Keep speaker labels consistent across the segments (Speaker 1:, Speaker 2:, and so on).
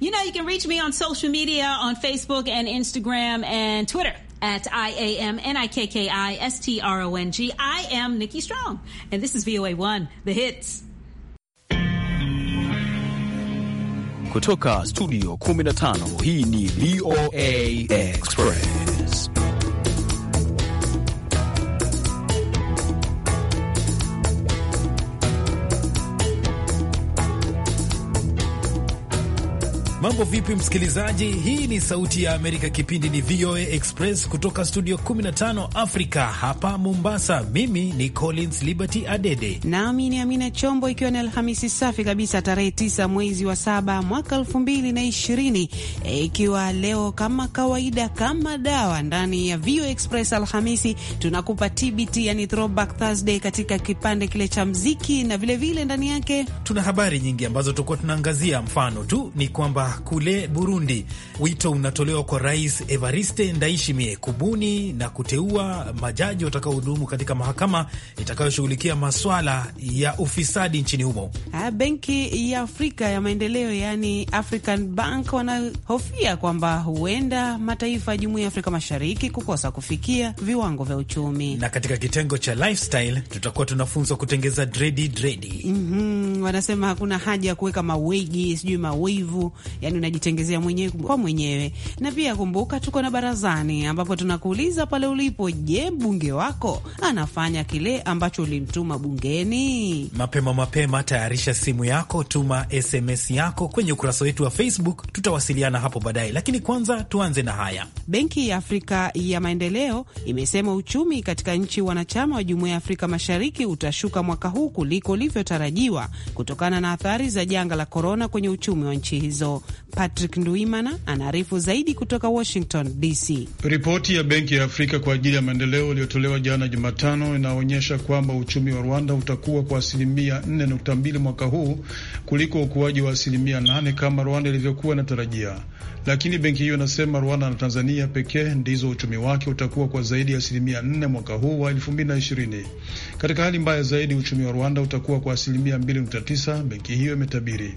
Speaker 1: You know, you can reach me on social media on Facebook and Instagram and Twitter at I A M N I K K I S T R O N G. I am Nikki Strong, and this is VOA 1, the hits.
Speaker 2: Kutoka studio 15, hii ni VOA Express.
Speaker 3: Mambo vipi, msikilizaji? Hii ni Sauti ya Amerika, kipindi ni VOA Express kutoka studio 15 Afrika hapa Mombasa. Mimi ni Collins Liberty Adede
Speaker 1: nami ni Amina Chombo, ikiwa ni Alhamisi safi kabisa tarehe 9 mwezi wa saba mwaka 2020, e, ikiwa leo kama kawaida kama dawa ndani ya VOA Express Alhamisi tunakupa TBT, yani throwback Thursday, katika kipande kile cha mziki na vilevile vile ndani yake
Speaker 3: tuna habari nyingi ambazo tutakuwa tunaangazia. Mfano tu ni kwamba kule Burundi. Wito unatolewa kwa Rais Evariste Ndayishimiye kubuni na kuteua majaji watakaohudumu katika mahakama itakayoshughulikia maswala ya ufisadi nchini humo.
Speaker 1: Ah, Benki ya Afrika ya Maendeleo, yani African Bank, wanahofia kwamba huenda mataifa ya Jumuiya ya Afrika Mashariki kukosa
Speaker 3: kufikia viwango vya uchumi. Na katika kitengo cha lifestyle tutakuwa tunafunzwa kutengeza dredi dredi.
Speaker 1: Mm -hmm. Wanasema hakuna haja ya kuweka mawigi, sijui mawivu yani unajitengezea mwenyewe kwa mwenyewe. Na pia kumbuka, tuko na barazani, ambapo tunakuuliza pale ulipo, je, mbunge wako anafanya kile ambacho ulimtuma bungeni?
Speaker 3: Mapema mapema, tayarisha simu yako, tuma SMS yako kwenye ukurasa wetu wa Facebook, tutawasiliana hapo baadaye, lakini kwanza tuanze na haya.
Speaker 1: Benki ya Afrika ya Maendeleo imesema uchumi katika nchi wanachama wa Jumuiya ya Afrika Mashariki utashuka mwaka huu kuliko ulivyotarajiwa kutokana na athari za janga la korona kwenye uchumi wa nchi hizo. Patrick Nduimana anaarifu zaidi kutoka Washington DC.
Speaker 4: Ripoti ya Benki ya Afrika kwa ajili ya maendeleo iliyotolewa jana Jumatano inaonyesha kwamba uchumi wa Rwanda utakuwa kwa asilimia 4.2 mwaka huu kuliko ukuaji wa asilimia 8 kama Rwanda ilivyokuwa inatarajia, lakini benki hiyo inasema Rwanda na Tanzania pekee ndizo uchumi wake utakuwa kwa zaidi ya asilimia 4 mwaka huu wa 2020. Katika hali mbaya zaidi, uchumi wa Rwanda utakuwa kwa asilimia 2.9, benki hiyo imetabiri.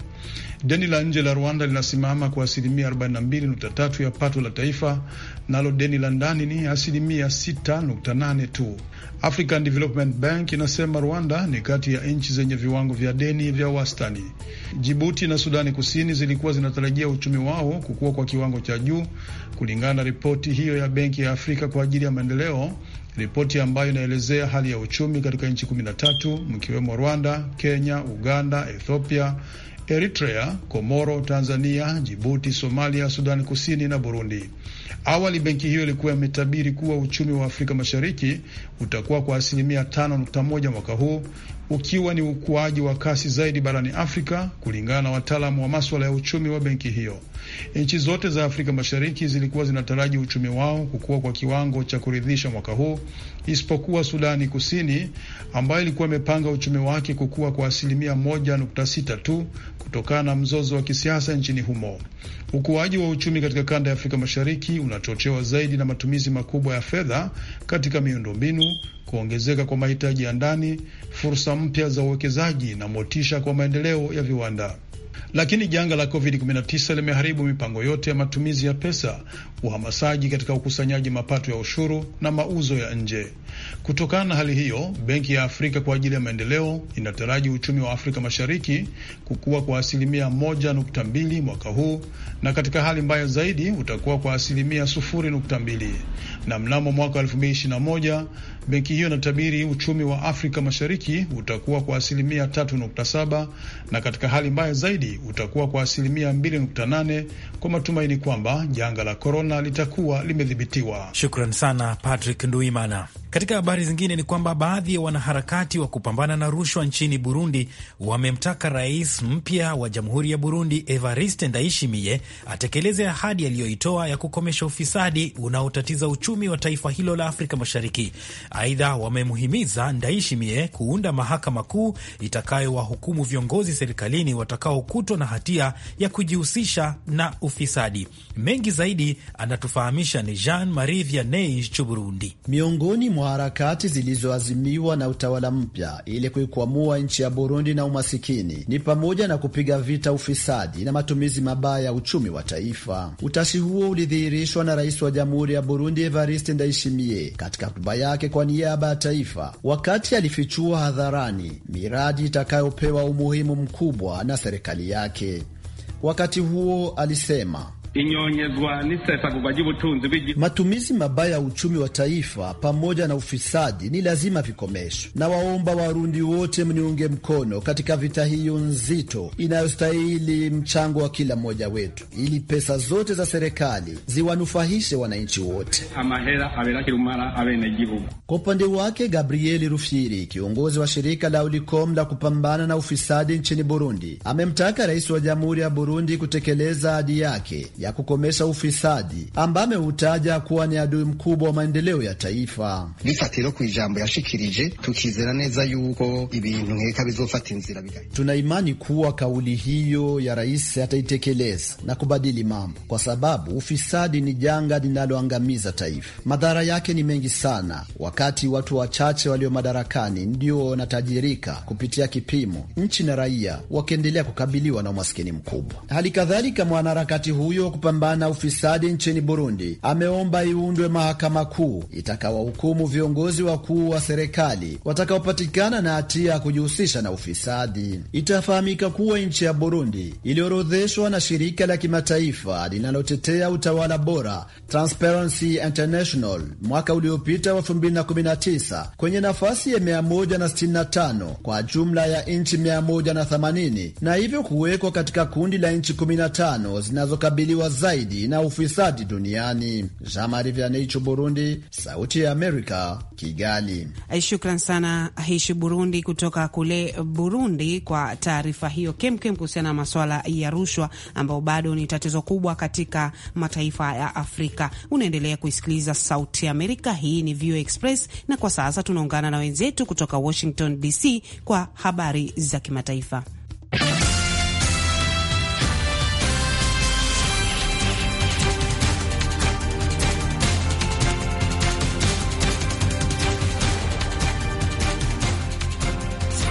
Speaker 4: Deni la nje la Rwanda linasimama kwa asilimia 42.3 ya pato la taifa, nalo deni la ndani ni asilimia 6.8 tu. African Development Bank inasema Rwanda ni kati ya nchi zenye viwango vya deni vya wastani. Jibuti na Sudani Kusini zilikuwa zinatarajia uchumi wao kukua kwa kiwango cha juu, kulingana na ripoti hiyo ya Benki ya Afrika kwa ajili ya Maendeleo, ripoti ambayo inaelezea hali ya uchumi katika nchi 13 mkiwemo Rwanda, Kenya, Uganda, Ethiopia, Eritrea, Komoro, Tanzania, Jibuti, Somalia, Sudani Kusini na Burundi. Awali benki hiyo ilikuwa imetabiri kuwa uchumi wa Afrika Mashariki utakuwa kwa asilimia 5.1 mwaka huu, ukiwa ni ukuaji wa kasi zaidi barani Afrika, kulingana na wataalamu wa maswala ya uchumi wa benki hiyo. Nchi zote za Afrika Mashariki zilikuwa zinataraji uchumi wao kukua kwa kiwango cha kuridhisha mwaka huu, isipokuwa Sudani Kusini ambayo ilikuwa imepanga uchumi wake kukua kwa asilimia 1.6 tu kutokana na mzozo wa kisiasa nchini humo. Ukuaji wa uchumi katika kanda ya Afrika Mashariki unachochewa zaidi na matumizi makubwa ya fedha katika miundombinu, kuongezeka kwa mahitaji ya ndani, fursa mpya za uwekezaji na motisha kwa maendeleo ya viwanda. Lakini janga la COVID-19 limeharibu mipango yote ya matumizi ya pesa, uhamasaji katika ukusanyaji mapato ya ushuru na mauzo ya nje. Kutokana na hali hiyo, Benki ya Afrika kwa ajili ya Maendeleo inataraji uchumi wa Afrika Mashariki kukua kwa asilimia 1.2 mwaka huu na katika hali mbaya zaidi utakuwa kwa asilimia 2 na mnamo mwaka 2021 benki hiyo inatabiri uchumi wa Afrika Mashariki utakuwa kwa asilimia saba na katika hali mbaya zaidi utakuwa kwa asilimia nane kwa matumaini kwamba janga la korona litakuwa limedhibitiwa. Shukran sana
Speaker 3: Patrick Nduimana. Katika habari zingine ni kwamba baadhi ya wanaharakati wa kupambana na rushwa nchini Burundi wamemtaka rais mpya wa jamhuri ya Burundi Evariste Ndayishimiye atekeleze ahadi aliyoitoa ya kukomesha ufisadi unaotatiza uchumi uchumi wa taifa hilo la Afrika Mashariki. Aidha, wamemhimiza Ndaishimie kuunda mahakama kuu itakayowahukumu viongozi serikalini watakaokutwa na hatia ya kujihusisha na ufisadi. Mengi zaidi anatufahamisha ni Jean Marie Vianney Chuburundi.
Speaker 5: Miongoni mwa harakati zilizoazimiwa na utawala mpya ili kuikwamua nchi ya Burundi na umasikini ni pamoja na kupiga vita ufisadi na matumizi mabaya ya uchumi wa taifa. Utashi huo ulidhihirishwa na rais wa jamhuri ya Burundi Evariste Ndayishimiye katika hotuba yake kwa niaba ya taifa, wakati alifichua hadharani miradi itakayopewa umuhimu mkubwa na serikali yake. Wakati huo alisema Matumizi mabaya ya uchumi wa taifa pamoja na ufisadi ni lazima vikomeshwe, na waomba Warundi wote mniunge mkono katika vita hiyo nzito inayostahili mchango wa kila mmoja wetu, ili pesa zote za serikali ziwanufahishe wananchi wote. Kwa upande wake, Gabrieli Rufyiri, kiongozi wa shirika la Ulicom la kupambana na ufisadi nchini Burundi, amemtaka rais wa jamhuri ya Burundi kutekeleza ahadi yake ya kukomesha ufisadi ambaye ameutaja kuwa ni adui mkubwa wa maendeleo ya taifa. Mwifatiro ku ijambo yashikirije tukizera neza yuko ibintu nkeka bizofata inzira bigaye. Tuna imani kuwa kauli hiyo ya rais ataitekeleza na kubadili mambo, kwa sababu ufisadi ni janga linaloangamiza taifa. Madhara yake ni mengi sana, wakati watu wachache walio madarakani ndio wanatajirika kupitia kipimo, nchi na raia wakiendelea kukabiliwa na umaskini mkubwa. Hali kadhalika mwanaharakati huyo wa kupambana ufisadi nchini Burundi ameomba iundwe mahakama kuu itakawahukumu viongozi wakuu wa serikali watakaopatikana na hatia ya kujihusisha na ufisadi. Itafahamika kuwa nchi ya Burundi iliorodheshwa na shirika la kimataifa linalotetea utawala bora Transparency International mwaka uliopita wa 2019 kwenye nafasi ya 165 kwa jumla ya nchi 180 na hivyo kuwekwa katika kundi la nchi 15 zinazokabiliwa kuathiriwa zaidi na ufisadi duniani. Burundi, Sauti ya Amerika, Kigali.
Speaker 1: Shukran sana hishi Burundi kutoka kule Burundi kwa taarifa hiyo kemkem kuhusiana na maswala ya rushwa ambayo bado ni tatizo kubwa katika mataifa ya Afrika. Unaendelea kuisikiliza Sauti ya Amerika, hii ni VOA Express, na kwa sasa tunaungana na wenzetu kutoka Washington DC kwa habari za kimataifa.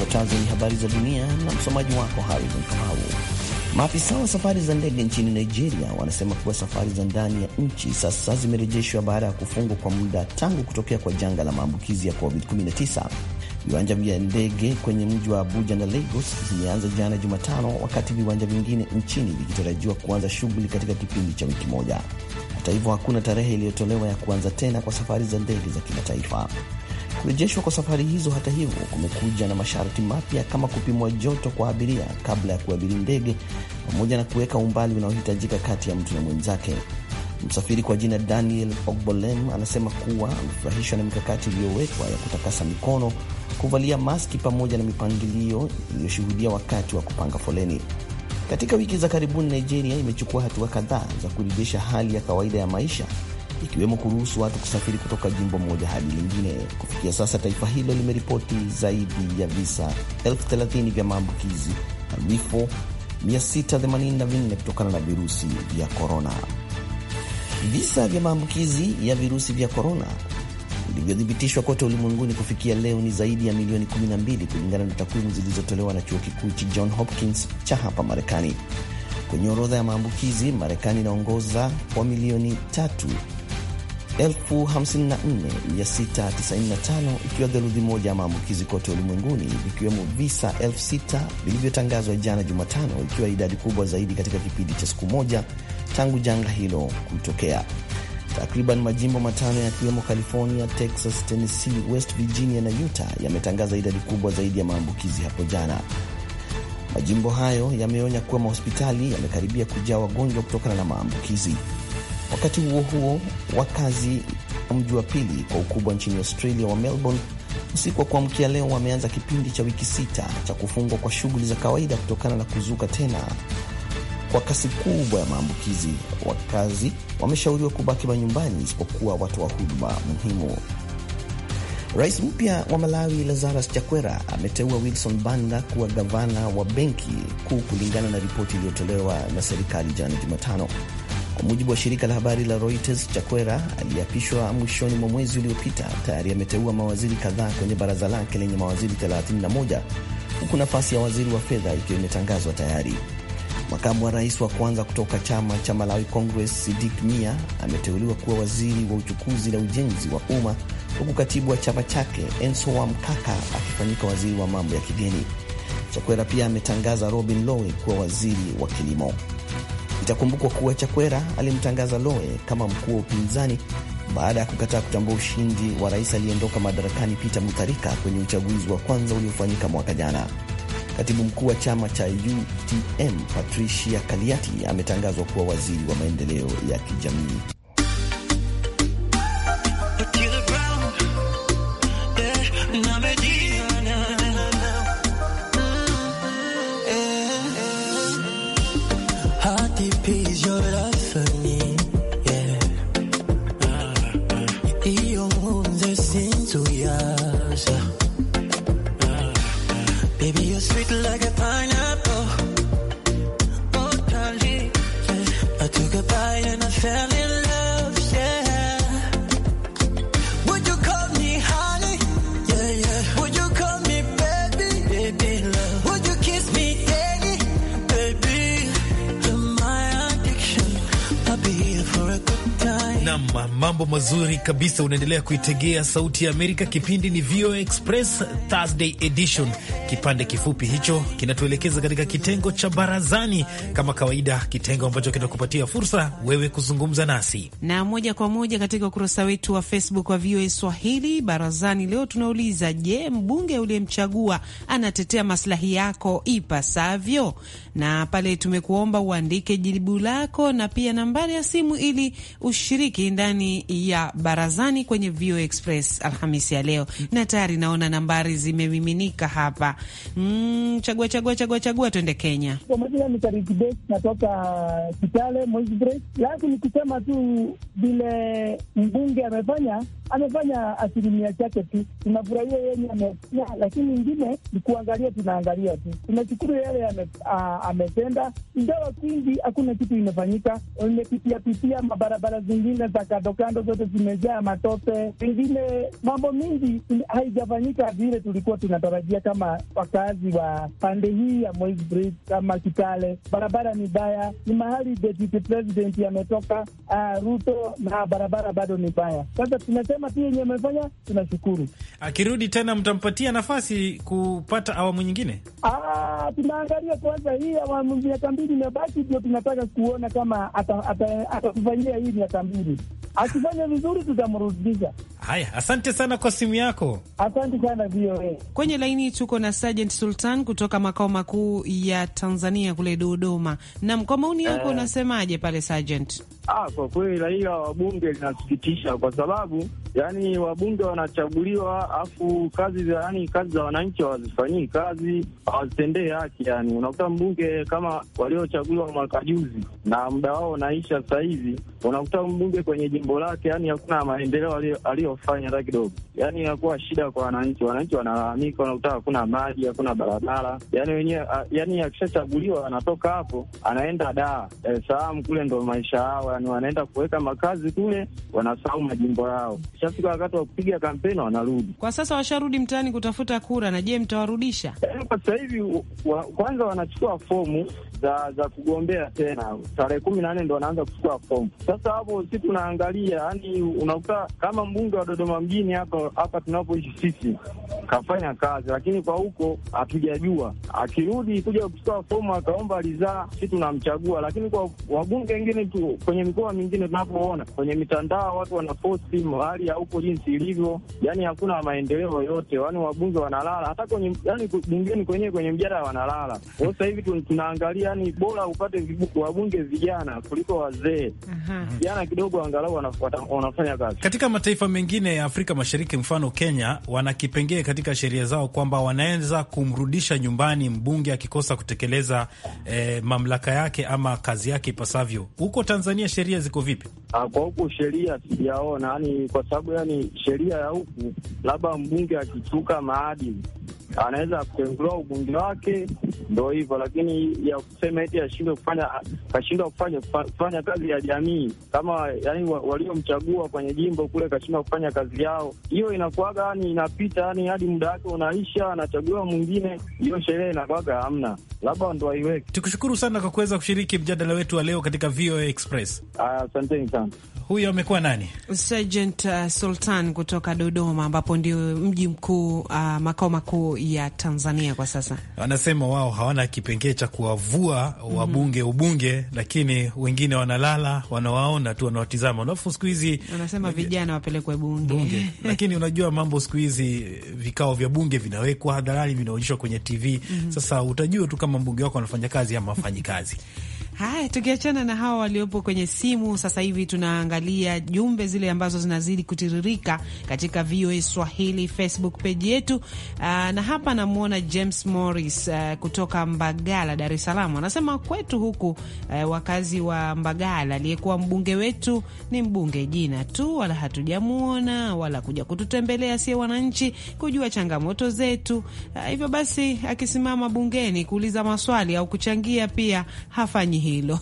Speaker 4: Zifuatazo ni
Speaker 2: habari za dunia na msomaji wako Harison Kamau. Maafisa wa safari za ndege nchini Nigeria wanasema kuwa safari za ndani ya nchi sasa zimerejeshwa baada ya kufungwa kwa muda tangu kutokea kwa janga la maambukizi ya COVID-19. Viwanja vya ndege kwenye mji wa Abuja na Lagos zimeanza jana Jumatano, wakati viwanja vingine nchini vikitarajiwa kuanza shughuli katika kipindi cha wiki moja. Hata hivyo, hakuna tarehe iliyotolewa ya kuanza tena kwa safari za ndege za kimataifa. Kurejeshwa kwa safari hizo, hata hivyo, kumekuja na masharti mapya kama kupimwa joto kwa abiria kabla ya kuabiri ndege pamoja na kuweka umbali unaohitajika kati ya mtu na mwenzake. Msafiri kwa jina Daniel Ogbolem anasema kuwa amefurahishwa na mikakati iliyowekwa ya kutakasa mikono, kuvalia maski pamoja na mipangilio iliyoshuhudia wakati wa kupanga foleni. Katika wiki za karibuni, Nigeria imechukua hatua kadhaa za kurejesha hali ya kawaida ya maisha ikiwemo kuruhusu watu kusafiri kutoka jimbo moja hadi lingine. Kufikia sasa taifa hilo limeripoti zaidi ya visa elfu thelathini vya maambukizi na vifo 684 kutokana na virusi vya korona. Visa vya maambukizi ya virusi vya korona vilivyothibitishwa kote ulimwenguni kufikia leo ni zaidi ya milioni 12 kulingana na takwimu zilizotolewa na chuo kikuu cha John Hopkins cha hapa Marekani. Kwenye orodha ya maambukizi, Marekani inaongoza kwa milioni tatu 54695 ikiwa theluthi moja ya maambukizi kote ulimwenguni, vikiwemo visa 6000 vilivyotangazwa jana Jumatano, ikiwa idadi kubwa zaidi katika kipindi cha siku moja tangu janga hilo kutokea. Takriban majimbo matano yakiwemo California, Texas, Tennessee, West Virginia na Utah yametangaza idadi kubwa zaidi ya maambukizi hapo jana. Majimbo hayo yameonya kuwa mahospitali yamekaribia kujaa wagonjwa kutokana na maambukizi. Wakati huo huo, wakazi mji wa pili kwa ukubwa nchini Australia wa Melbourne usiku wa kuamkia leo wameanza kipindi cha wiki sita cha kufungwa kwa shughuli za kawaida kutokana na kuzuka tena kwa kasi kubwa ya maambukizi. Wakazi wameshauriwa kubaki manyumbani isipokuwa watu wa huduma muhimu. Rais mpya wa Malawi Lazarus Chakwera ameteua Wilson Banda kuwa gavana wa benki kuu kulingana na ripoti iliyotolewa na serikali jana Jumatano. Kwa mujibu wa shirika la habari la Reuters, Chakwera aliyeapishwa mwishoni mwa mwezi uliopita tayari ameteua mawaziri kadhaa kwenye baraza lake lenye mawaziri 31 huku nafasi ya waziri wa fedha ikiwa imetangazwa tayari. Makamu wa rais wa kwanza kutoka chama cha Malawi Congress, Sidik Mia, ameteuliwa kuwa waziri wa uchukuzi na ujenzi wa umma, huku katibu wa chama chake Ensowa Mkaka akifanyika waziri wa mambo ya kigeni. Chakwera pia ametangaza Robin Lowe kuwa waziri wa kilimo. Itakumbukwa kuwa Chakwera alimtangaza Loe kama mkuu wa upinzani baada ya kukataa kutambua ushindi wa rais aliyeondoka madarakani Peter Mutharika kwenye uchaguzi wa kwanza uliofanyika mwaka jana. Katibu mkuu wa chama cha UTM Patricia Kaliati ametangazwa kuwa waziri wa maendeleo ya kijamii.
Speaker 3: Nam, mambo mazuri kabisa. Unaendelea kuitegea Sauti ya Amerika, kipindi ni VOA Express Thursday Edition. Kipande kifupi hicho kinatuelekeza katika kitengo cha barazani, kama kawaida, kitengo ambacho kinakupatia fursa wewe kuzungumza nasi
Speaker 1: na moja kwa moja katika ukurasa wetu wa Facebook wa VOA Swahili Barazani. Leo tunauliza, je, mbunge uliyemchagua anatetea maslahi yako ipasavyo? Na pale tumekuomba uandike jibu lako na pia nambari ya simu ili ushiriki wake ndani ya barazani kwenye vo Express Alhamisi ya leo, na tayari naona nambari zimemiminika hapa. Mm, chagua chagua chagua chagua, twende Kenya.
Speaker 6: Kwa majina ni Kariki Bes, natoka Kitale Moisbres. Lazima yaani kusema tu vile mbunge amefanya amefanya asilimia chache tu. Tunafurahia yenye ameia, lakini ingine ni kuangalia, tunaangalia tu, tunashukuru yale ametenda, ingawa kwingi hakuna kitu imefanyika. Imepitiapitia mabarabara zingine za kando, zote zimejaa matope, pengine mambo mingi haijafanyika vile tulikuwa tunatarajia kama wakazi wa pande hii ya Moi Bridge kama Kitale. Barabara ni mbaya, ni mahali deputy president ametoka, Ruto, na barabara bado ni mbaya. Sasa tunasema mema pia yenye amefanya, tunashukuru.
Speaker 3: Akirudi tena, mtampatia nafasi kupata awamu nyingine?
Speaker 6: Ah, tunaangalia kwanza hii awamu miaka mbili imebaki, ndio tunataka kuona kama atatufanyia hii miaka mbili. Akifanya vizuri, tutamrudisha.
Speaker 3: Haya, asante sana kwa simu yako.
Speaker 6: Asante sana VOA. Kwenye
Speaker 1: laini tuko na Sergeant Sultan kutoka makao makuu ya Tanzania kule Dodoma. Nam, kwa maoni yako eh. unasemaje pale Sergeant?
Speaker 6: Ah, kwa kweli la ila wabunge linasikitisha kwa sababu yani wabunge wanachaguliwa afu kazi za yani kazi za wananchi hawazifanyii kazi, hawazitendee haki. Yani unakuta mbunge kama waliochaguliwa mwaka juzi na muda wao unaisha sasa hivi, unakuta mbunge kwenye jimbo lake yani hakuna maendeleo aliyofanya hata kidogo. Yani inakuwa shida kwa wananchi, wananchi wanalalamika, unakuta hakuna maji, hakuna barabara. Yani wenyewe yani akishachaguliwa anatoka hapo anaenda Dar es Salaam, kule ndo maisha yao mashambani, wanaenda kuweka makazi kule, wanasahau majimbo yao. Ishafika wakati wa kupiga kampeni, wanarudi.
Speaker 1: Kwa sasa washarudi mtaani kutafuta kura, na je, mtawarudisha?
Speaker 6: Eh, kwa sasa hivi wa, kwanza wanachukua fomu za za kugombea tena, tarehe kumi na nne ndo wanaanza kuchukua fomu. Sasa hapo si tunaangalia, yani unakuta kama mbunge wa Dodoma mjini hapa hapa tunapoishi sisi kafanya kazi, lakini kwa huko hatujajua. Akirudi kuja kuchukua fomu akaomba ridhaa, si tunamchagua, lakini kwa wabunge wengine tu kwenye mikoa mingine tunavyoona kwenye mitandao, watu wanaposti hali ya huko jinsi ilivyo, yani hakuna maendeleo yote, yani wabunge wanalala, hata kwenye yani bungeni kwenyewe kwenye mjadala wanalala. Sasa hivi tunaangalia, yani bora upate wabunge vijana kuliko wazee. Vijana kidogo angalau wanafanya kazi.
Speaker 3: Katika mataifa mengine ya Afrika Mashariki, mfano Kenya, wana kipengee katika sheria zao kwamba wanaweza kumrudisha nyumbani mbunge akikosa kutekeleza eh, mamlaka yake ama kazi yake ipasavyo. Huko
Speaker 6: Tanzania kule sheria ziko vipi? Ah, kwa huku sheria sijaona, yani kwa sababu yani sheria ya huku labda mbunge akichuka maadili anaweza kuenguliwa ubunge wake, ndo hivyo. Lakini ya kusema eti ashindwe kufanya kashindwa kufanya kufanya kazi ya jamii kama yani waliomchagua kwenye jimbo kule kashindwa kufanya kazi yao, hiyo inakuwaga yani inapita yani hadi muda wake unaisha, anachaguliwa mwingine, hiyo sherehe inakuwaga hamna, labda ndo aiweke.
Speaker 3: Tukushukuru sana kwa kuweza kushiriki mjadala wetu wa leo katika VOA Express. Asanteni uh, sana. Huyo amekuwa nani?
Speaker 1: Sergeant uh, Sultan kutoka Dodoma, ambapo ndio mji mkuu uh, makao makuu ya Tanzania kwa sasa.
Speaker 3: Wanasema wao hawana kipengee cha kuwavua wabunge mhm. ubunge, lakini wengine wanalala, wanawaona tu, wanawatizama. Alafu siku hizi wanasema vijana wapelekwe bunge, bunge. Lakini unajua mambo siku hizi vikao vya bunge vinawekwa hadharani, vinaonyeshwa kwenye TV. Mhm. Sasa utajua tu kama mbunge wako anafanya kazi ama hafanyi kazi Haya, tukiachana na hawa waliopo
Speaker 1: kwenye simu sasa hivi, tunaangalia jumbe zile ambazo zinazidi kutiririka katika VOA Swahili Facebook page yetu. Uh, na hapa namwona James Morris uh, kutoka Mbagala, Dar es Salaam, anasema kwetu huku uh, wakazi wa Mbagala, aliyekuwa mbunge wetu ni mbunge jina tu, wala hatujamwona wala kuja kututembelea sie wananchi kujua changamoto zetu. Uh, hivyo basi akisimama bungeni kuuliza maswali au kuchangia pia hafanyi hilo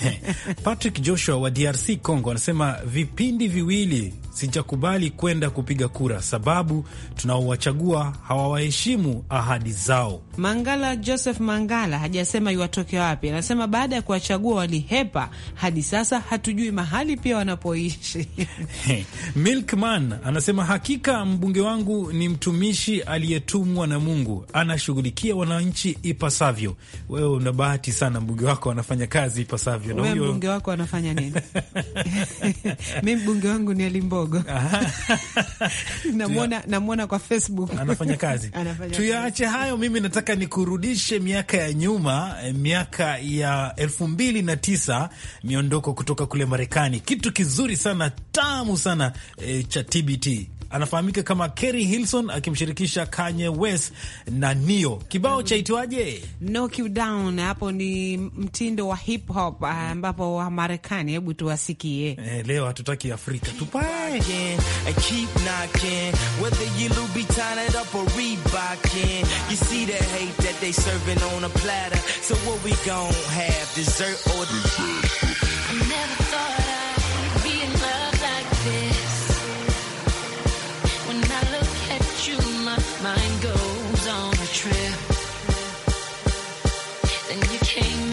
Speaker 3: Patrick Joshua wa DRC Congo anasema vipindi viwili sijakubali kwenda kupiga kura sababu tunaowachagua hawawaheshimu ahadi zao.
Speaker 1: Mangala Joseph Mangala hajasema iwatoke wapi, anasema baada ya kuwachagua walihepa, hadi sasa hatujui mahali pia wanapoishi.
Speaker 3: Milkman anasema hakika mbunge wangu ni mtumishi aliyetumwa na Mungu, anashughulikia wananchi ipasavyo. Wewe una bahati sana, mbunge wako anafanya kazi ipasavyo. mbunge
Speaker 1: wako anafanya nini? Mi mbunge wangu ni alimbo kidogo
Speaker 3: namwona namwona kwa Facebook
Speaker 1: anafanya kazi.
Speaker 4: Tuyaache
Speaker 3: hayo, mimi nataka nikurudishe miaka ya nyuma, eh, miaka ya elfu mbili na tisa, miondoko kutoka kule Marekani, kitu kizuri sana tamu sana e, cha TBT anafahamika kama Kerry Hilson akimshirikisha Kanye West na Nio. Kibao chaitwaje? Knock you down. Hapo ni mtindo wa hip hop ah, ambapo wa
Speaker 1: Marekani. Hebu tuwasikie.
Speaker 3: Eh, leo hatutaki Afrika
Speaker 7: tupae mind goes on a trip, then you came.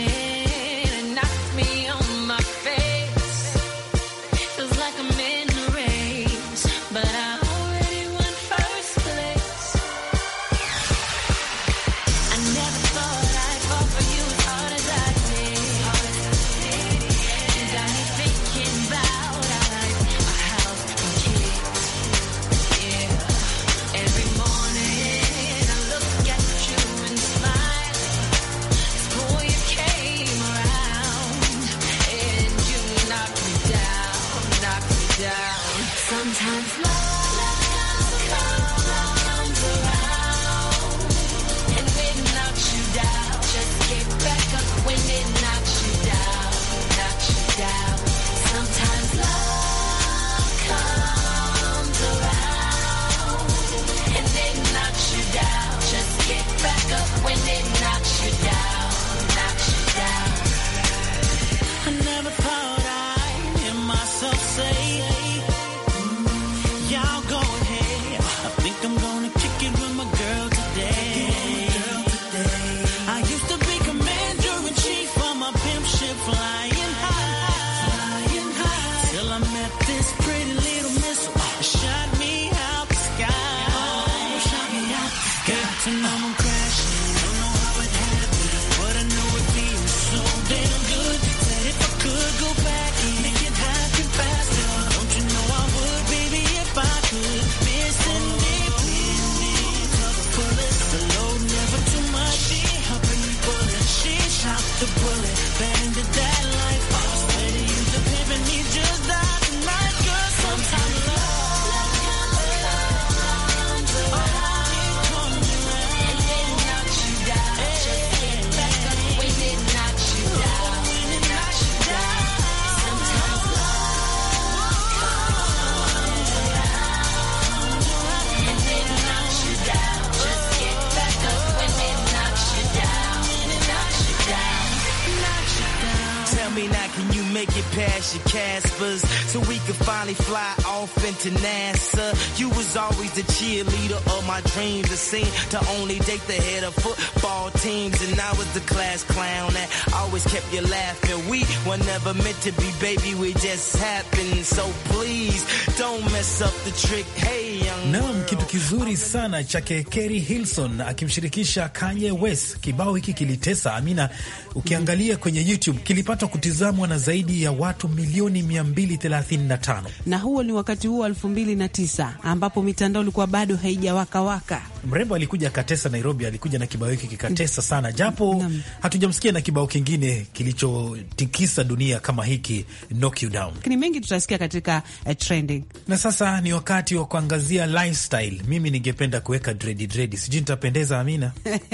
Speaker 7: make it past your Caspers so we could finally fly off into NASA. You was always the cheerleader of my dreams. It seemed to only date the head of football teams, and I was the class clown that always kept you laughing. We were never meant to be, baby. We just happened. So please don't mess up the trick. Hey,
Speaker 3: young Naam, kitu kizuri sana chake Kerry Hilson akimshirikisha Kanye West. Kibao hiki kilitesa Amina, ukiangalia kwenye YouTube kilipata kutizamwa na zaidi zaidi ya watu milioni 235,
Speaker 1: na huo ni wakati huo 2009 ambapo mitandao ilikuwa bado haijawakawaka
Speaker 3: Mrembo alikuja akatesa Nairobi, alikuja na kibao hiki kikatesa sana, japo hatujamsikia na kibao kingine kilichotikisa dunia kama hiki knock you down. Ni mengi tutasikia katika uh, trending. Na sasa ni wakati wa kuangazia lifestyle. Mimi ningependa kuweka dredi dredi, sijui nitapendeza Amina.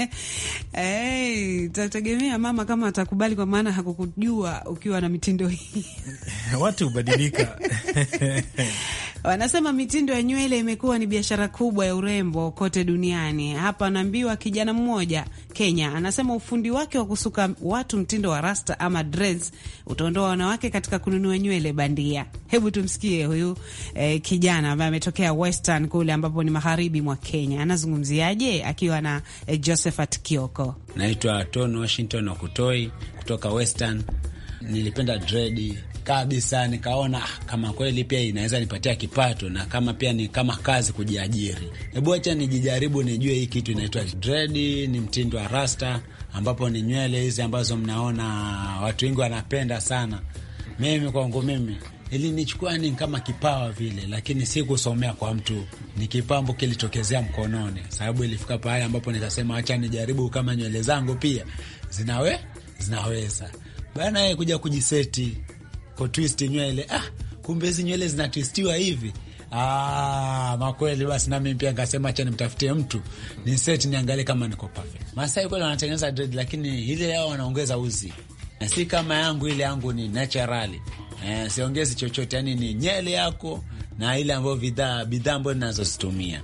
Speaker 1: Hey, tategemea mama kama atakubali, kwa maana hakukujua ukiwa na mitindo hii
Speaker 3: watu hubadilika
Speaker 1: Wanasema mitindo ya nywele imekuwa ni biashara kubwa ya urembo kote duniani. Hapa anaambiwa kijana mmoja Kenya anasema ufundi wake wa kusuka watu mtindo wa rasta ama dreads utaondoa wanawake katika kununua nywele bandia. Hebu tumsikie huyu eh, kijana ambaye ametokea Western kule ambapo ni magharibi mwa Kenya. Anazungumziaje akiwa na eh, Josephat Kioko.
Speaker 8: Naitwa Ton Washington Wakutoi kutoka Western. Nilipenda dredi kabisa, nikaona ah, kama kweli pia inaweza nipatia kipato na kama pia ni kama kazi kujiajiri, hebu acha nijijaribu, nijue hii kitu inaitwa dread, ni mtindo wa rasta, ambapo ni nywele hizi ambazo mnaona watu wengi wanapenda sana. Mimi kwangu mimi ilinichukua ni kama kipawa vile, lakini si kusomea kwa mtu, ni kipambo kilitokezea mkononi, sababu ilifika pahali ambapo nikasema acha nijaribu kama nywele zangu pia zinawe zinaweza bana, kuja kujiseti twist nywele ah, kumbe hizi nywele zinatwistiwa hivi. Ah, makweli basi nami pia nikasema acha nimtafutie mtu ni set niangalie kama niko perfect. Masai kweli wanatengeneza dread lakini ile yao wanaongeza uzi. Na si kama yangu ile yangu ni naturally. Eh, siongezi chochote yani ni nyele yako na ile ambayo bidhaa bidhaa ambayo ninazozitumia.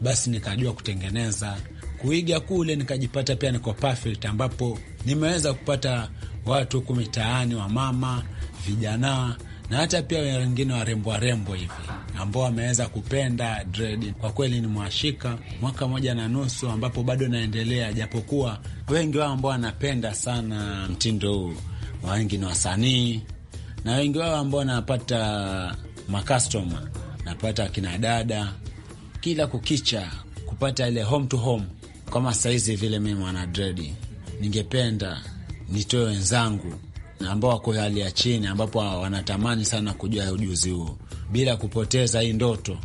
Speaker 8: Basi nikajua kutengeneza kuiga kule nikajipata pia niko perfect ambapo nimeweza kupata watu huku mitaani wa mama vijana na hata pia wengine warembo warembo hivi ambao wameweza kupenda dread. Kwa kweli ni mwashika mwaka moja na nusu ambapo bado naendelea, japokuwa wengi wao ambao wanapenda sana mtindo huu wengi ni wasanii na wengi wao ambao wanapata makastoma, napata kina dada kila kukicha kupata ile home to home. Kama saizi vile mimi mwana dredi, ningependa nitoe wenzangu ambao wako hali ya chini, ambapo wanatamani sana kujua ujuzi huo bila kupoteza hii ndoto.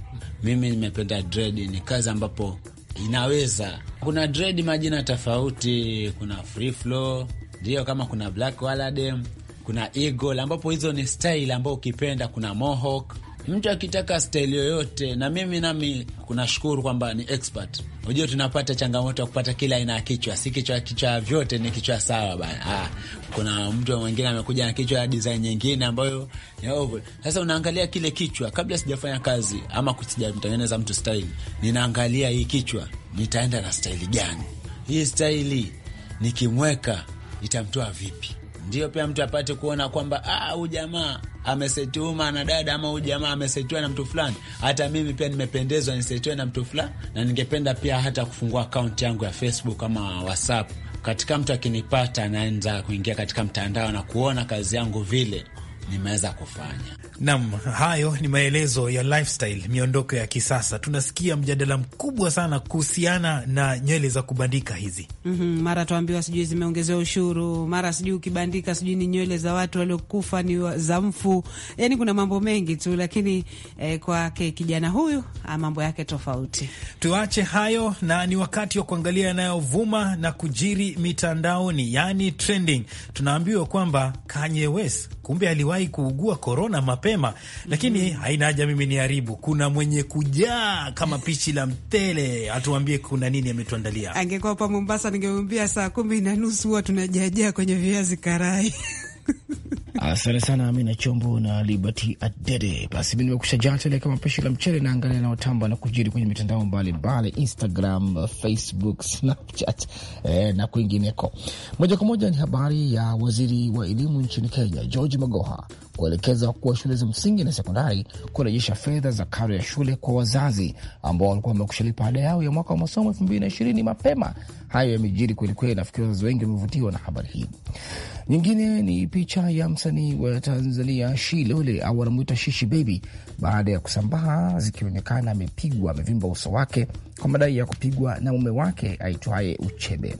Speaker 8: Mimi nimependa dread, ni kazi ambapo inaweza kuna dread majina tofauti, kuna free flow ndio, kama kuna black waladem, kuna eagle, ambapo hizo ni style ambao ukipenda, kuna mohawk Mtu akitaka staili yoyote, na mimi nami kunashukuru kwamba ni expert. Unajua, tunapata changamoto ya kupata kila aina ya kichwa, si kichwa kichwa vyote ni kichwa sawa bana. Ah, kuna mtu mwingine amekuja na kichwa ya design nyingine ambayo ni oval. Sasa unaangalia kile kichwa, kabla sijafanya kazi ama sijamtengeneza mtu staili, ninaangalia hii kichwa, nitaenda na staili gani? Hii staili nikimweka itamtoa vipi? ndiyo pia mtu apate kuona kwamba ah, huu jamaa amesetuma na dada ama huyu jamaa amesetuma na mtu fulani. Hata mimi pia nimependezwa nisetue na mtu fulani, na ningependa pia hata kufungua akaunti yangu ya Facebook ama WhatsApp, katika mtu akinipata anaanza kuingia katika mtandao na kuona kazi yangu vile nimeweza kufanya.
Speaker 3: Naam, hayo ni maelezo ya lifestyle, miondoko ya kisasa. Tunasikia mjadala mkubwa sana kuhusiana na nywele za kubandika hizi.
Speaker 1: mm -hmm, mara tuambiwa sijui zimeongezewa ushuru, mara sijui ukibandika sijui ni nywele za watu waliokufa ni wa, za mfu, Yani kuna mambo mengi tu, lakini eh, kwake kijana huyu ah, mambo
Speaker 3: yake tofauti. Tuache hayo na ni wakati wa kuangalia yanayovuma na kujiri mitandaoni, yani trending. Tunaambiwa kwamba Kanye West kumbe aliwa nimewahi kuugua korona mapema, lakini mm -hmm. haina haja mimi niharibu. Kuna mwenye kujaa kama pichi la mtele, atuambie kuna nini ametuandalia. Angekuwa pa Mombasa ningemwambia saa kumi na nusu huwa tunajajaa kwenye viazi karai
Speaker 7: Asante sana Amina Chombo na Liberty Adede. Basi mi nimekusha jaa tele kama pishi la mchele, na naotamba na kujiri kwenye mitandao mbalimbali, Instagram, Facebook, Snapchat eh, na kwingineko. Moja kwa moja ni habari ya waziri wa elimu nchini Kenya George Magoha kuelekeza wakuu wa shule za msingi na sekondari kurejesha fedha za karo ya shule kwa wazazi ambao walikuwa lipa ada yao ya mwaka wa masomo elfu mbili na ishirini mapema. Hayo yamejiri kwelikweli, nafikiri wazazi wengi wamevutiwa na habari hii. Nyingine ni picha ya msanii wa Tanzania Shilole au wanamwita Shishi Baby baada ya kusambaa zikionekana amepigwa, amevimba uso wake kwa madai ya kupigwa na mume wake aitwaye Uchebe.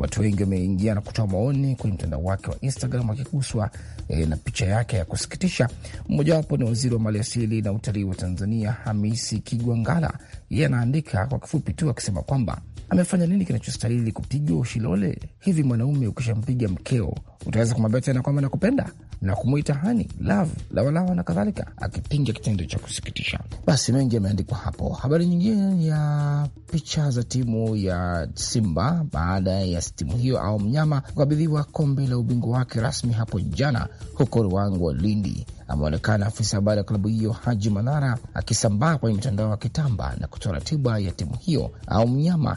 Speaker 7: Watu wengi wameingia na kutoa maoni kwenye mtandao wake wa Instagram wakiguswa e, eh, na picha yake ya kusikitisha. Mmojawapo ni waziri wa maliasili na utalii wa Tanzania, Hamisi Kigwangala. Yeye anaandika kwa kifupi tu akisema kwamba amefanya nini kinachostahili kupigwa ushilole? Hivi mwanaume ukishampiga mkeo utaweza kumwambia tena kwamba nakupenda? na kumwita hani love lawalawa na kadhalika, akipinga kitendo cha kusikitisha. Basi mengi yameandikwa hapo. Habari nyingine ya picha za timu ya Simba baada ya timu hiyo au mnyama kukabidhiwa kombe la ubingwa wake rasmi hapo jana huko Ruangwa, Lindi. Ameonekana afisa habari ya klabu hiyo Haji Manara akisambaa kwenye mitandao ya kitamba na kutoa ratiba ya timu hiyo au mnyama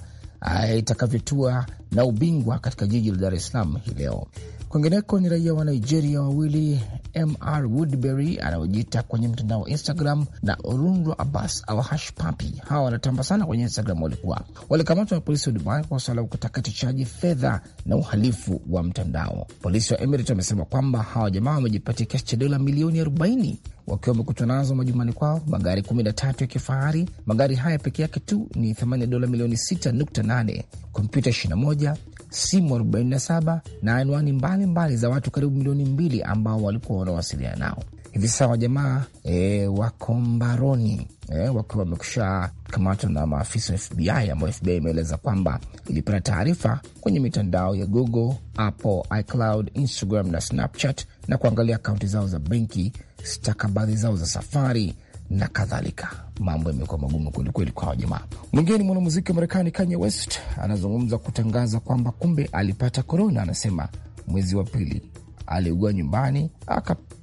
Speaker 7: itakavyotua na ubingwa katika jiji la Dar es Salaam hii leo. Kwingineko ni raia wa Nigeria wawili Mr Woodbury anayojiita kwenye mtandao wa Instagram na Orunro Abbas al Papi. Hawa wanatamba sana kwenye Instagram, walikuwa walikamatwa na polisi wa Dubai kwa suala la utakatishaji fedha na uhalifu wa mtandao. Polisi wa Emirates wamesema kwamba hawa jamaa wamejipatia kiasi cha dola milioni 40 wakiwa wamekutwa nazo majumbani kwao magari 13 ya kifahari. Magari haya peke yake tu ni thamani ya dola milioni 6.8, kompyuta 21, simu 47 na anwani mbalimbali za watu karibu milioni mbili ambao walikuwa wanawasiliana nao. Hivi sasa wajamaa e, wako mbaroni e, wakiwa wamekusha kamatwa na maafisa wa FBI ambao FBI imeeleza kwamba ilipata taarifa kwenye mitandao ya Google, Apple, iCloud, Instagram na Snapchat na kuangalia akaunti zao za benki stakabadhi zao za safari na kadhalika. Mambo yamekuwa magumu kwelikweli kwa wajamaa. Mwingine ni mwanamuziki wa Marekani Kanye West anazungumza kutangaza kwamba kumbe alipata korona. Anasema mwezi wa pili aliugua nyumbani,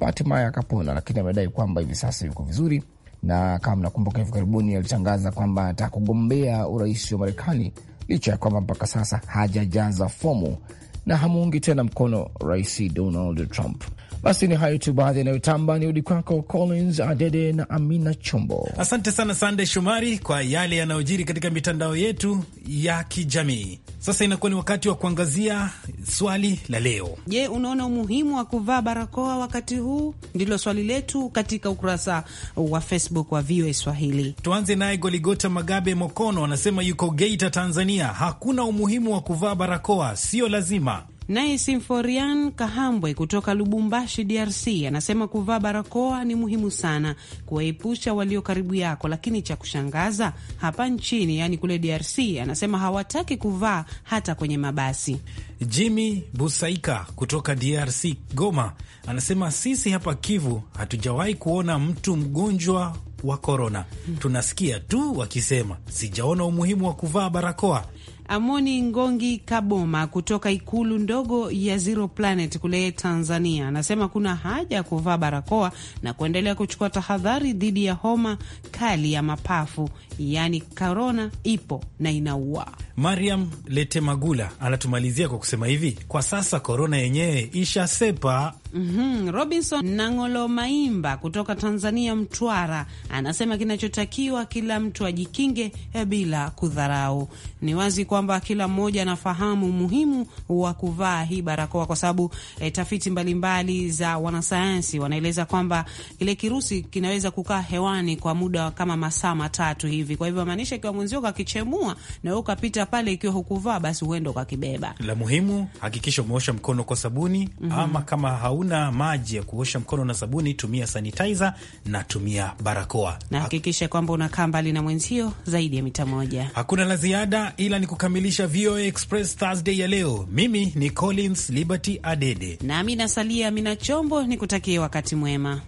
Speaker 7: hatimaye akapona, lakini amedai kwamba hivi sasa yuko vizuri. Na kama mnakumbuka, hivi karibuni alitangaza kwamba anataka kugombea urais wa Marekani licha ya kwamba mpaka sasa hajajaza fomu na hamuungi tena mkono Rais Donald Trump. Basi ni hayo tu baadhi yanayotamba. Ni rudi kwako Collins Adede na Amina Chombo.
Speaker 3: Asante sana Sande Shomari kwa yale yanayojiri katika mitandao yetu ya kijamii. Sasa inakuwa ni wakati wa kuangazia swali la leo.
Speaker 1: Je, unaona umuhimu wa kuvaa barakoa wakati huu? Ndilo swali letu katika ukurasa wa Facebook wa VOA Swahili.
Speaker 3: Tuanze naye Goligota Magabe Mokono anasema yuko Geita, Tanzania. Hakuna umuhimu wa kuvaa barakoa, sio lazima
Speaker 1: Naye Simforian Kahambwe kutoka Lubumbashi, DRC, anasema kuvaa barakoa ni muhimu sana kuwaepusha walio karibu yako, lakini cha kushangaza hapa nchini, yani kule DRC, anasema hawataki kuvaa hata kwenye mabasi.
Speaker 3: Jimmy Busaika kutoka DRC, Goma, anasema sisi hapa Kivu hatujawahi kuona mtu mgonjwa wa korona, tunasikia tu wakisema. Sijaona umuhimu wa kuvaa barakoa. Amoni Ngongi Kaboma
Speaker 1: kutoka ikulu ndogo ya Zero Planet kule Tanzania anasema kuna haja ya kuvaa barakoa na kuendelea kuchukua tahadhari dhidi ya homa kali ya mapafu yaani korona ipo na inaua.
Speaker 3: Mariam Letemagula anatumalizia kwa kusema hivi, kwa sasa korona yenyewe ishasepa.
Speaker 1: Mm -hmm. Robinson Nangolo Maimba kutoka Tanzania, Mtwara, anasema kinachotakiwa kila mtu ajikinge eh, bila kudharau. Ni wazi kwamba kila mmoja anafahamu umuhimu wa kuvaa hii barakoa kwa sababu eh, tafiti mbalimbali mbali za wanasayansi wanaeleza kwamba kile kirusi kinaweza kukaa hewani kwa muda kama masaa matatu hivi hivi. Kwa hivyo maanisha, ikiwa mwenzio kakichemua na wewe ukapita pale ikiwa hukuvaa, basi uende ukakibeba.
Speaker 3: La muhimu, hakikisha umeosha mkono kwa sabuni mm -hmm. Ama kama hauna maji ya kuosha mkono na sabuni, tumia sanitizer na tumia barakoa,
Speaker 1: na hakikisha kwamba unakaa mbali na mwenzio zaidi ya mita moja.
Speaker 3: Hakuna la ziada, ila ni kukamilisha VOA Express Thursday ya leo. Mimi ni Collins Liberty Adede
Speaker 1: nami nasalia Amina Chombo, ni kutakie wakati mwema.